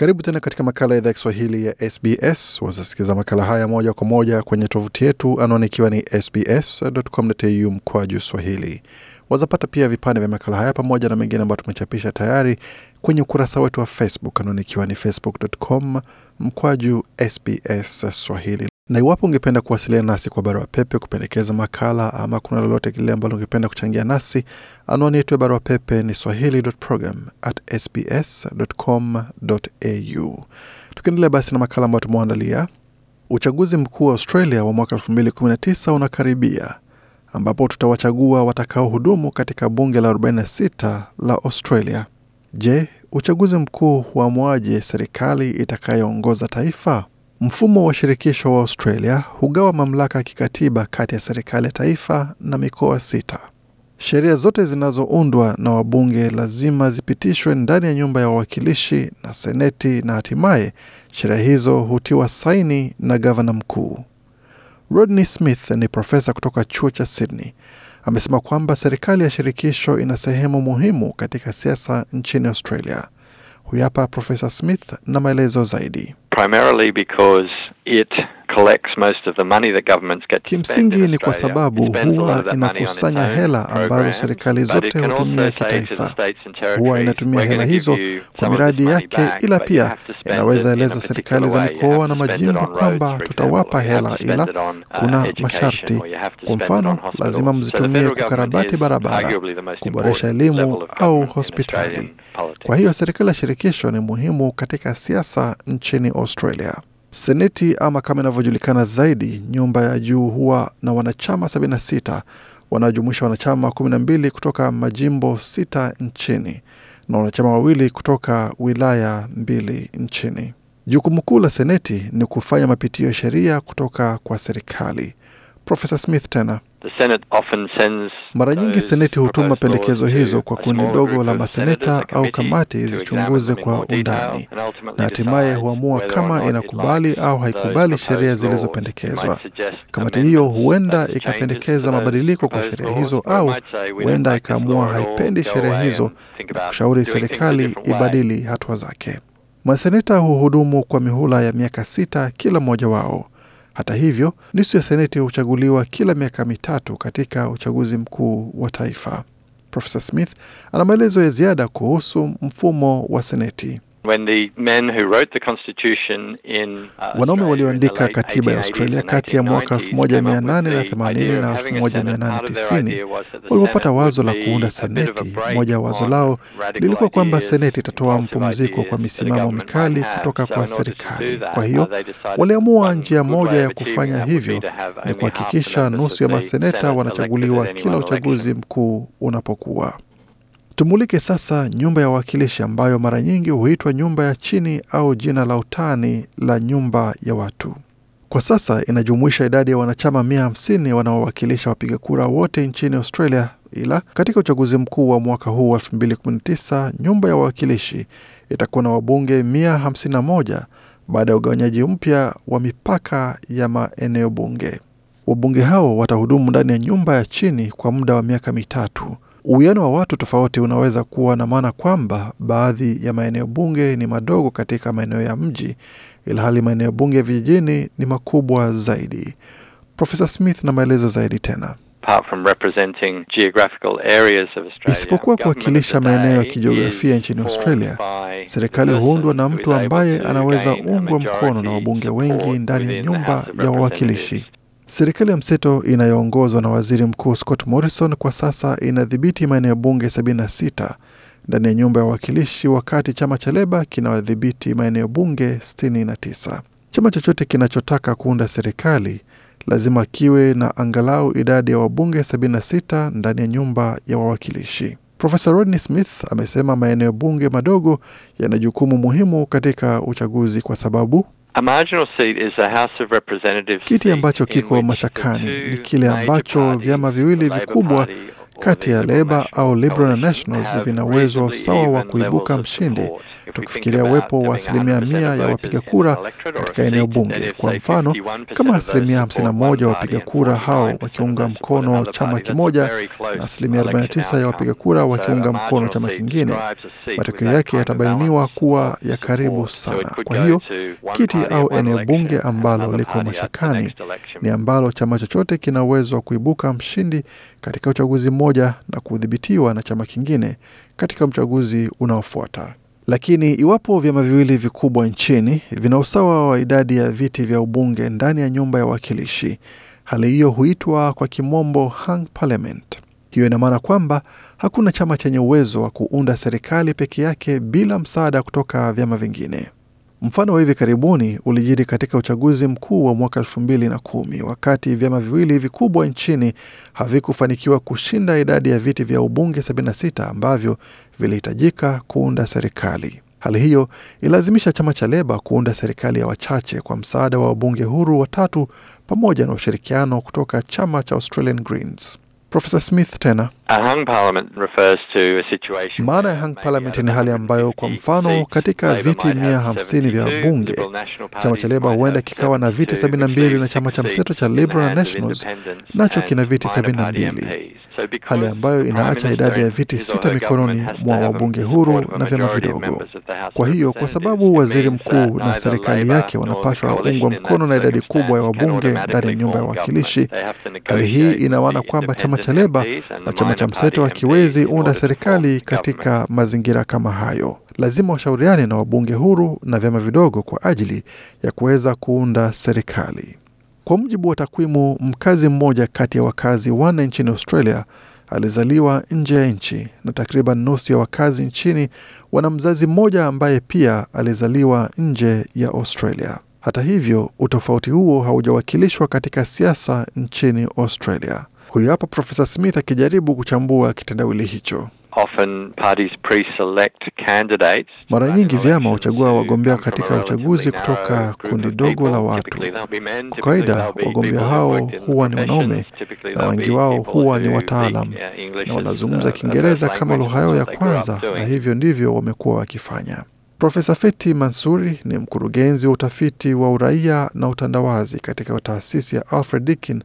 Karibu tena katika makala ya idhaa ya Kiswahili ya SBS. Wazasikiza makala haya moja kwa moja kwenye tovuti yetu, anwani ikiwa ni sbs.com.au mkwaju swahili. Wazapata pia vipande vya makala haya pamoja na mengine ambayo tumechapisha tayari kwenye ukurasa wetu wa Facebook, anwani ikiwa ni facebook.com mkwaju sbs swahili na iwapo ungependa kuwasiliana nasi kwa barua pepe, kupendekeza makala ama kuna lolote kile ambalo ungependa kuchangia nasi, anwani yetu ya barua pepe ni swahili.program@sbs.com.au. Tukiendelea basi na makala ambayo tumeandalia uchaguzi mkuu wa Australia wa mwaka 2019 unakaribia ambapo tutawachagua watakaohudumu katika bunge la 46 la Australia. Je, uchaguzi mkuu mwaje serikali itakayoongoza taifa? Mfumo wa shirikisho wa Australia hugawa mamlaka ya kikatiba kati ya serikali ya taifa na mikoa sita. Sheria zote zinazoundwa na wabunge lazima zipitishwe ndani ya nyumba ya wawakilishi na seneti, na hatimaye sheria hizo hutiwa saini na gavana mkuu. Rodney Smith ni profesa kutoka chuo cha Sydney. Amesema kwamba serikali ya shirikisho ina sehemu muhimu katika siasa nchini Australia. Huyu hapa Profesa Smith na maelezo zaidi. primarily because it Kimsingi ni kwa sababu huwa inakusanya hela ambazo serikali zote hutumia kitaifa. Huwa inatumia hela hizo kwa miradi yake, ila pia inaweza eleza serikali za mikoa na majimbo kwamba tutawapa hela, ila uh, kuna masharti. Kwa mfano, lazima mzitumie kukarabati barabara, kuboresha elimu au hospitali. Kwa hiyo serikali ya shirikisho ni muhimu katika siasa nchini Australia. Seneti ama kama inavyojulikana zaidi, nyumba ya juu huwa na wanachama 76 wanaojumuisha wanachama 12 kutoka majimbo sita nchini na wanachama wawili kutoka wilaya mbili nchini. Jukumu kuu la Seneti ni kufanya mapitio ya sheria kutoka kwa serikali. Profesa Smith tena mara nyingi seneti hutuma pendekezo hizo kwa kundi dogo la maseneta au kamati zichunguze kwa undani na hatimaye huamua kama inakubali au haikubali sheria zilizopendekezwa. Kamati hiyo huenda ikapendekeza mabadiliko kwa sheria hizo au huenda ikaamua haipendi sheria hizo na kushauri serikali ibadili hatua zake. Maseneta huhudumu kwa mihula ya miaka sita kila mmoja wao. Hata hivyo, nusu ya seneti huchaguliwa kila miaka mitatu katika uchaguzi mkuu wa taifa. Profesa Smith ana maelezo ya ziada kuhusu mfumo wa seneti. Uh, Wanaume walioandika katiba ya Australia kati ya mwaka 1880 na 1890 walipopata wazo la kuunda seneti, moja ya wazo lao lilikuwa kwamba seneti itatoa mpumziko kwa misimamo mikali kutoka kwa serikali. Kwa hiyo waliamua njia moja ya kufanya hivyo ni kuhakikisha nusu ya maseneta wanachaguliwa kila uchaguzi mkuu unapokuwa. Tumulike sasa nyumba ya wawakilishi ambayo mara nyingi huitwa nyumba ya chini au jina la utani la nyumba ya watu. Kwa sasa inajumuisha idadi ya wanachama 150 wanaowakilisha wapiga kura wote nchini Australia, ila katika uchaguzi mkuu wa mwaka huu 2019 nyumba ya wawakilishi itakuwa na wabunge 151 baada ya ugawanyaji mpya wa mipaka ya maeneo bunge. Wabunge hao watahudumu ndani ya nyumba ya chini kwa muda wa miaka mitatu Uwiano wa watu tofauti unaweza kuwa na maana kwamba baadhi ya maeneo bunge ni madogo katika maeneo ya mji, ilhali maeneo bunge ya vijijini ni makubwa zaidi. Profesa Smith na maelezo zaidi tena Isipokuwa kuwakilisha maeneo ya kijiografia nchini Australia, serikali huundwa na mtu ambaye anaweza ungwa mkono na wabunge wengi ndani ya nyumba ya wawakilishi. Serikali ya mseto inayoongozwa na waziri mkuu Scott Morrison kwa sasa inadhibiti maeneo bunge 76 ndani ya nyumba ya wawakilishi, wakati chama cha Leba kinawadhibiti maeneo bunge 69. Chama chochote kinachotaka kuunda serikali lazima kiwe na angalau idadi ya wabunge 76 ndani ya nyumba ya wawakilishi. Profesa Rodney Smith amesema maeneo bunge madogo yana jukumu muhimu katika uchaguzi kwa sababu Kiti ambacho kiko mashakani ni kile ambacho vyama viwili vikubwa kati ya Leba au Liberal na Nationals vina uwezo sawa wa kuibuka mshindi, tukifikiria uwepo wa asilimia mia ya wapiga kura katika eneo bunge. Kwa mfano, kama asilimia 51 ya wapiga kura hao wakiunga mkono chama kimoja na asilimia 49 ya wapiga kura wakiunga mkono chama kingine, matokeo yake yatabainiwa kuwa ya karibu sana. Kwa hiyo kiti au eneo bunge ambalo liko mashakani ni ambalo chama chochote kina uwezo wa kuibuka mshindi katika uchaguzi mmoja na kudhibitiwa na chama kingine katika uchaguzi unaofuata. Lakini iwapo vyama viwili vikubwa nchini vina usawa wa idadi ya viti vya ubunge ndani ya nyumba ya wawakilishi, hali hiyo huitwa kwa kimombo hung parliament. Hiyo ina maana kwamba hakuna chama chenye uwezo wa kuunda serikali peke yake bila msaada kutoka vyama vingine. Mfano wa hivi karibuni ulijiri katika uchaguzi mkuu wa mwaka elfu mbili na kumi wakati vyama viwili vikubwa nchini havikufanikiwa kushinda idadi ya viti vya ubunge 76 ambavyo vilihitajika kuunda serikali. Hali hiyo ililazimisha chama cha Leba kuunda serikali ya wachache kwa msaada wa wabunge huru watatu pamoja na ushirikiano kutoka chama cha Australian Greens. Profesa Smith tena, maana ya hung parliament ni hali ambayo, kwa mfano, katika viti hamsini vya bunge, chama cha Leba huenda kikawa na viti 72 na chama cha mseto cha Liberal national Nationals nacho kina viti mbili hali ambayo inaacha idadi ya viti sita mikononi mwa wabunge huru na vyama vidogo. Kwa hiyo, kwa sababu waziri mkuu na serikali yake wanapashwa ungwa mkono na idadi kubwa ya wabunge ndani ya nyumba ya wawakilishi, hali hii ina maana kwamba chama cha Leba na chama cha mseto hakiwezi unda serikali katika mazingira kama hayo. Lazima washauriane na wabunge huru na vyama vidogo kwa ajili ya kuweza kuunda serikali. Kwa mujibu wa takwimu, mkazi mmoja kati ya wakazi wanne nchini Australia alizaliwa nje ya nchi na takriban nusu ya wakazi nchini wana mzazi mmoja ambaye pia alizaliwa nje ya Australia. Hata hivyo, utofauti huo haujawakilishwa katika siasa nchini Australia. Huyu hapa Profesa Smith akijaribu kuchambua kitendawili hicho. Mara nyingi vyama huchagua wagombea katika uchaguzi kutoka kundi dogo la watu. Kwa kawaida wagombea hao huwa ni wanaume na wengi wao huwa ni wataalam na wanazungumza uh, Kiingereza kama lugha yao ya kwanza, na hivyo ndivyo wamekuwa wakifanya. Profesa Feti Mansuri ni mkurugenzi wa utafiti wa uraia na utandawazi katika taasisi ya Alfred Deakin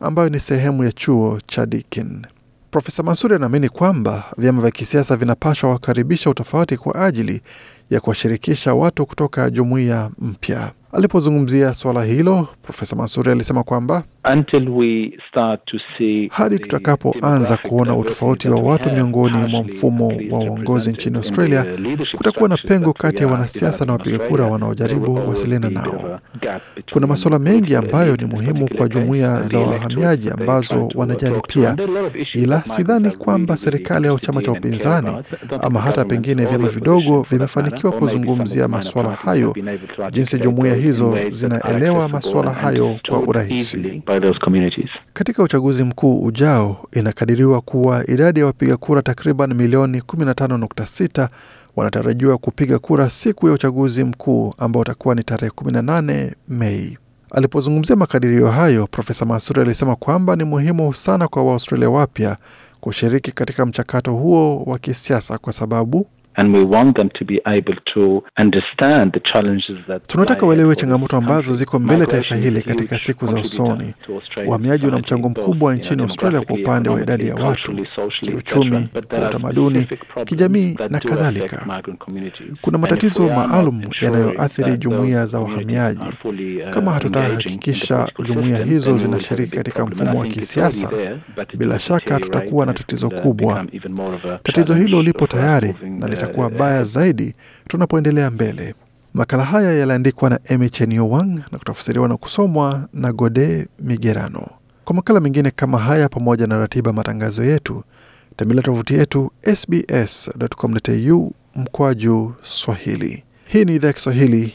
ambayo ni sehemu ya chuo cha Deakin. Profesa masuri anaamini kwamba vyama vya kisiasa vinapaswa wakaribisha utofauti kwa ajili ya kuwashirikisha watu kutoka jumuiya mpya. Alipozungumzia swala hilo, Profesa Mansuri alisema kwamba hadi tutakapoanza kuona utofauti wa watu miongoni mwa mfumo wa uongozi nchini Australia, kutakuwa na pengo kati ya wanasiasa na wapiga kura wanaojaribu wasiliana nao. Kuna masuala mengi ambayo ni muhimu kwa jumuiya za wahamiaji ambazo wanajali pia, ila sidhani kwamba serikali au chama cha upinzani ama hata pengine vyama vidogo vimefanikiwa kuzungumzia masuala hayo jinsi jumuiya hizo zinaelewa masuala hayo kwa urahisi. Katika uchaguzi mkuu ujao, inakadiriwa kuwa idadi ya wapiga kura takriban milioni 15.6 wanatarajiwa kupiga kura siku ya uchaguzi mkuu ambao utakuwa ni tarehe 18 Mei. Alipozungumzia makadirio hayo, Profesa Masuri alisema kwamba ni muhimu sana kwa Waaustralia wapya kushiriki katika mchakato huo wa kisiasa kwa sababu Tunataka waelewe changamoto ambazo ziko mbele taifa hili katika siku za usoni. Uhamiaji una mchango mkubwa nchini Australia kwa upande wa idadi ya watu, kiuchumi, utamaduni, kijamii na kadhalika. Kuna matatizo maalum yanayoathiri jumuiya za wahamiaji. Uh, Kama hatutahakikisha jumuiya hizo zinashiriki katika mfumo wa kisiasa, bila shaka tutakuwa na tatizo uh, kubwa. Tatizo hilo lipo tayari na uh, kuwa baya zaidi tunapoendelea mbele. Makala haya yaliandikwa na Emecheni Wang na kutafsiriwa na kusomwa na Gode Migerano. Kwa makala mengine kama haya, pamoja na ratiba matangazo yetu, tembelea tovuti yetu sbs.com.au mkwaju Swahili. Hii ni idhaa ya Kiswahili